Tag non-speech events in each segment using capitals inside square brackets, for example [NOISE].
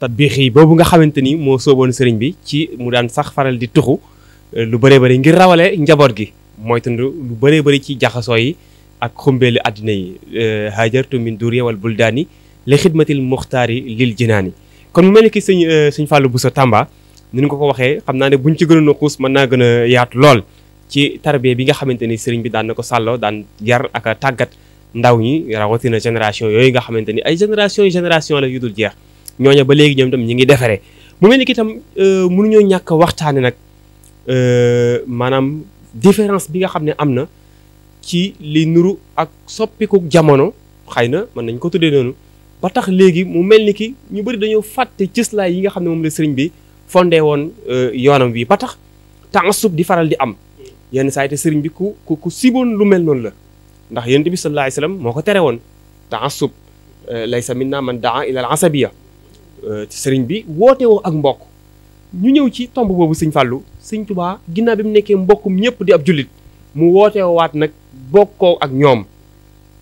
tatbiix yi boobu nga xamante ni moo sooboon sëriñ bi ci mu daan sax faral di tuxu euh, lu bëree bëri ngir rawale njaboot gi mooy tund lu bëree bëri ci jaxasoo yi ak xumbeelu àddina yi euh, hajartu min duriya wal buldaani li xidmatil muxtaari lil jinaani kon mu mel ni ki sëñ euh, fàllu bu Bousso Tamba ni ñu ko ko waxee xam naa ne buñ ci gënoon na xuus mën naa gën a yaatu lool ci tarbiya bi nga xamante ni sëriñ bi daan na ko sàlloo daan yar ak tàggat ndaw ñi rawatina génération yooyu nga xamante ni ay génération génération la yu dul jeex ñooña ba léegi ñoom itam ñi ngi defaree mu mel ni ki itam euh, mënuñoo ñàkk a waxtaane nag euh, maanaam différence bi nga xam ne am na ci li nuru ak soppiku jamono xëy na mën nañ ko tuddee noonu ba tax léegi mu mel ni ki ñu bëri fatte fàtte cëslaay yi nga xam ne moom la sëriñ bi fondee woon euh, yoonam bi ba tax taasub di faral di am yenn saa yi te sëriñ bi ku ku ku siboon lu mel noonu la ndax yonent bi sallallahu alayhi wasallam moo ko tere woon taasub laysa minna man daa ila al asabiya Euh, sëriñ bi woote woo ak mbokk ñu ñëw ci tomb boobu sëñ Fallou sëñ Touba ginnaaw bi mu nekkee mbokkum ñëpp di ab jullit mu woote waat nag bokkoo ak ñoom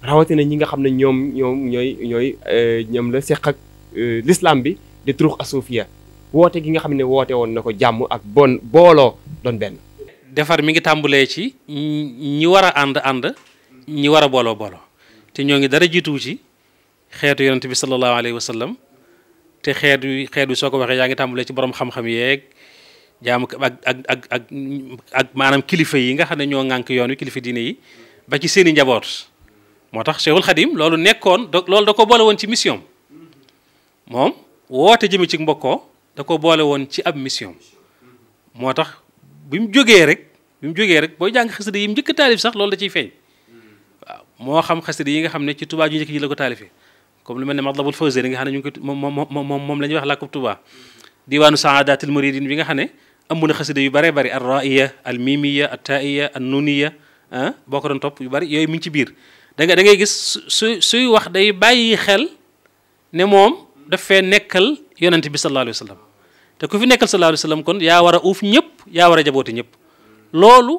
rawatina ñi nga xam ne ñoom ñoom ñooy ñooy euh, ñoom la seq ak euh, l'islam bi di turux asufiya woote ki nga xam ne woote woon na ko jàmm ak bon booloo doon benn. defar mi ngi tàmbulee ci ñi war a ànd ànd ñi war a booloo booloo te ñoo ngi dara jiituwu ci xeetu yonent bi sallallahu alayhi wa sallam te xeet wi xeet soo ko waxee yaa ngi tàmbalee ci borom xam-xam yeeg jaam ak ak ak maanaam kilifa yi nga xam ne ñoo ŋànk yoon wi kilifa diine yi ba ci seen i njaboot moo tax Cheikhul Khadim loolu nekkoon da loolu da ko boole woon ci mission moom woote jëme ci mbokkoo da ko boole woon ci ab mission moo tax bi mu jógee rek bi mu jógee rek booy jàng xasida yi mu njëkk taalif sax loolu da ciy feeñ waaw moo xam xasida yi nga xam ne ci tubaab yu njëkk ji la ko taalifee comme lu mel ne Matlabul Fawzayni nga xam ne ñu moom moom moom wax làkkub Tuuba diwaanu saadatil muridin bi nga xam ne xasida yu bëree bëri al raiya al mimiya al taiya al nuniya ah boo ko doon topp yu bëri yooyu mi ngi ci biir da nga da ngay gis su suy wax day bàyyi xel ne moom daf fee nekkal yonent bi sallallahu alayhi wa sallam te ko fi nekkal sallallahu alayhi wa sallam kon yaa war a uuf ñëpp yaa war a jabooti ñëpp loolu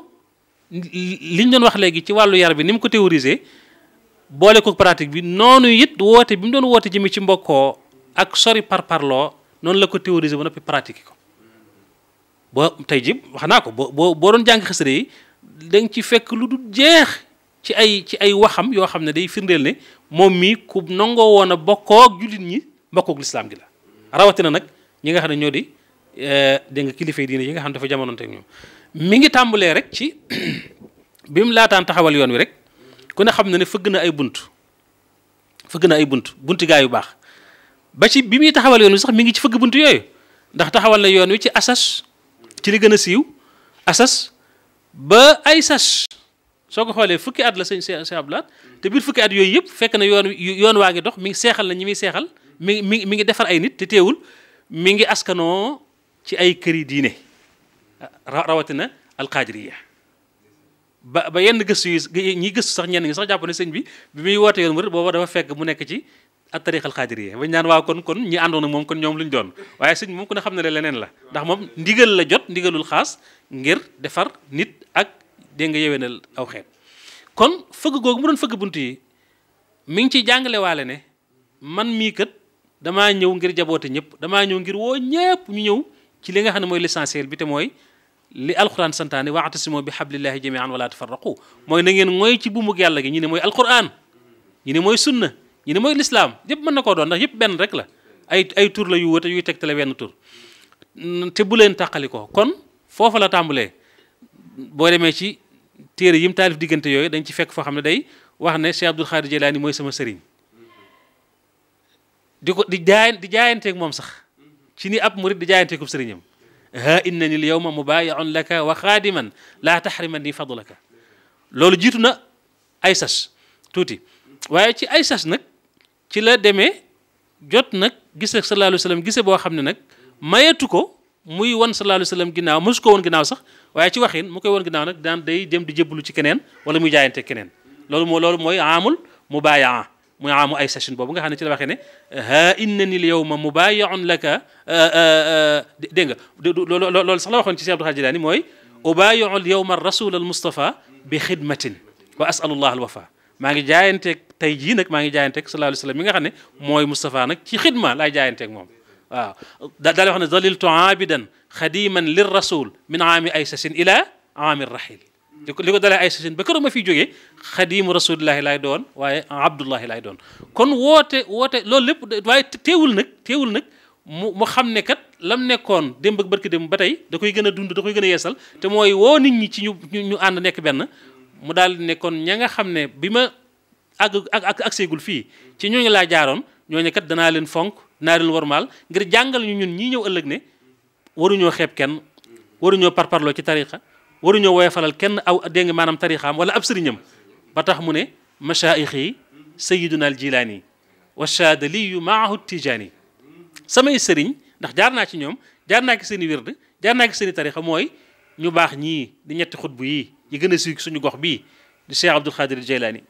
liñ doon wax léegi ci wàllu yar bi ni mu ko théorisé boole ko pratique bi noonu it woote bi mu doon woote jëmi ci mbokkoo ak sori par parloo noonu la ko théoriser ba noppi pratique ko boo tey jii wax naa ko boo boo doon jàng xasida yi da nga ci fekk lu dul jeex ci ay ci ay waxam yoo xam ne day firndeel ne moom mii ku nangoo woon a bokkoo ak jullit ñi mbokkook lislaam gi la rawatina nag ñi nga xam ne ñoo di eh, dégg nga kilifa yi diine yi nga xam ne dafa jamonoonte ak ñoom mi ngi tàmbalee rek ci [CLEARS THROAT] bi mu laataan taxawal yoon wi rek. ku xam na ne fëgg na ay bunt fëgg na ay bunt bunti gaa yu baax ba ci bi muy taxawal sax mi ngi ci fëgg bunt yooyu ndax taxawal na yoon wi ci asas ci li gën a siiw asas ba ay sas soo ko xoolee fukki at la sëñ Cheikh Abdou Lahad te biir fukki at yooyu yëpp fekk na yoon yoon waa ngi dox mi ngi seexal na ñi muy seexal mi mi mi ngi defar ay nit te teewul mi ngi askanoo ci ay këri diine rawatina alqaadiriya ba ba yenn gëstu yi ñi gëstu sax ñenn ñi sax jàpp sëñ bi bi muy wootee yoon murit booba dafa fekk mu nekk ci ak tariqal xaadiriyya bañ naan waaw kon kon ñi àndoon ak moom kon ñoom lu ñu doon waaye sëñ moom ku ne xam ne leneen la ndax moom ndigal la jot ndigalul xaas ngir defar nit ak dégg nga yewenal aw xeet kon fëgg googu mu doon fëgg bunt yi mi ngi ciy jàngale waale ne man mii kat damaa ñëw ngir jaboote ñëpp damaa ñëw ngir woo ñëpp ñu ñëw ci li nga xam ne mooy l'essentiel bi te mooy li alquran santaane waatasimoo bi xablillahi jamian wala tafarraqu mooy na ngeen mooy ci buumug yàlla gi ñu ne mooy alquran ñu ne mooy sunna ñu ne mooy lislaam yëpp mën na koo doon ndax yëpp benn rek la ay ay tur la yu wute yuy tegtale benn tur te bu leen tàqali ko kon foofa la tàmbalee boo demee ci téere yim taalif diggante yooyu dañ ci fekk foo xam ne day wax ne Cheikh Abdul Xaadir Jilaani mooy sama sëriñ di ko di jaay di jaayanteeg moom sax ci ni ab murid di jaayanteeku sëriñam ha innani l yowma mubaayiun laka wa xaadiman laa taxrimani fadlaka loolu jiitu na ay sas tuuti waaye ci ay sas nag ci la demee jot nag gise sallallahu alayhi wa sallam gise boo xam ne nag mayetu ko muy wan sallallahu alayhi wa sallam ginnaaw ko woon ginnaaw sax waaye ci waxin mu koy woon ginnaaw nag daan day dem di jébbalu ci keneen wala muy jaayante keneen loolu moo loolu mooy amul mubaayaa muy amu ay session boobu nga xam ne ci la waxee ne ha innani l yawma mubayi'un laka euh, euh, euh, dégg nga loolu sax la waxoon ci Cheikh Abdou Khadre Jilani mooy ubayi'u l yawma rasul al mustafa bi xidmatin wa asalullah al wafa maa ngi jaayanteeg tey jii nag maa ngi jaayanteeg sallallahu alayhi wasallam mi nga xam ne mooy Moustapha nag ci xidma laay jaayanteeg moom waaw daal wax ne daliltu aabidan xadiman lir rasul min aami aysasin ila aami rahil li ko li ko ay sasin ba këru ma fiy jógee xadimu rasulillahi laay doon waaye abdullahi lay doon kon woote woote loolu lépp waaye teewul nag teewul nag mu mu xam ne kat lam nekkoon démb ak barki démb ba tey da koy gën a dund da koy gën a yeesal te mooy woo nit ñi ci ñu ñu ànd nekk benn mu daal di nekkoon ña nga xam ne bi ma àgg ak ak seegul fii ci ñooñu laa jaaroon ñooñu kat danaa leen fonk danaa leen warmaal ngir jàngal ñu ñun ñii ñëw ëllëg ne waruñoo xeeb kenn waruñoo parparloo ci tariqa waru waruñoo woyofalal kenn aw dégg nga maanaam tarixaam wala ab sëriñam ba tax mu ne machaayix yi sayiduna al jilaani wa shaadaliyu maahu tijaani samay sëriñ ndax jaar naa ci ñoom jaar naa ci seen i wérd jaar naa ci seen tarixa mooy ñu baax ñii di ñetti xutbu yii yi gën a siiw suñu gox bii di cheikh abdul xaadir jaylaani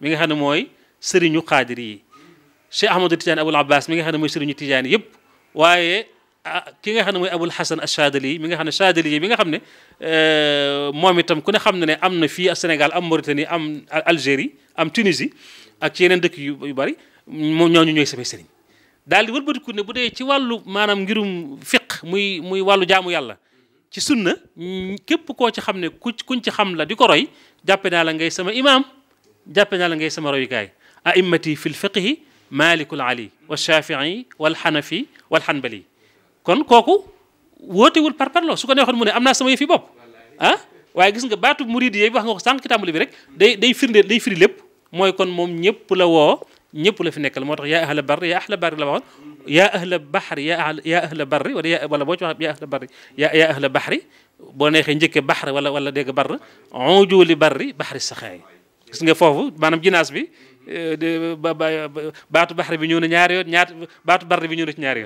mi nga xam ne mooy sëriñu xaadir yi cheikh ahmadou tijaani abul abbas mi nga xam ne mooy sëriñu tijaani yëpp Ah, ki nga xam ne mooy abul xasan achadali mi nga xam ne chadali mi nga xam ne eh, moom itam ku ne xam ne ne am na fii Sénégal am Mauritanie am Algérie am Tunisie ak ci yeneen dëkk yu bari moom ñooñu ñooy samay sëriñ daal di wëlbatiku ne bu dee ci wàllu maanaam ngirum fiq muy muy wàllu jaamu yàlla ci sunna képp koo ci xam ne ku kuñ ci xam la di ko roy jàppe naa la ngay sama imaam jàppe naa la ngay sama royukaay a'immati fil fiqhi malikul ali wa shafii wal xanafi wal xanbali kon kooku wootewul par parloo su ko neexoon mu ne am naa sama yëfi bopp ah waaye gis nga baatu murid yi wax nga ko sànq ci tàmbali bi rek day day firnde day firi lépp mooy kon moom ñëpp la woo ñëpp la fi nekkal moo tax yaa ahla barri yaa ahla barri la waxoon yaa ahla baxri yaa ahla barri wala yaa wala boo ci wax yaa ahla barri yaa boo neexee njëkkee baxr wala wala dégg barr onjuli barri baxri saxaay gis nga foofu maanaam jinaas bi eh, baatu baxri bi ñëw na ñaari yoon ñaat baatu barri bi ñëw ñaari yoon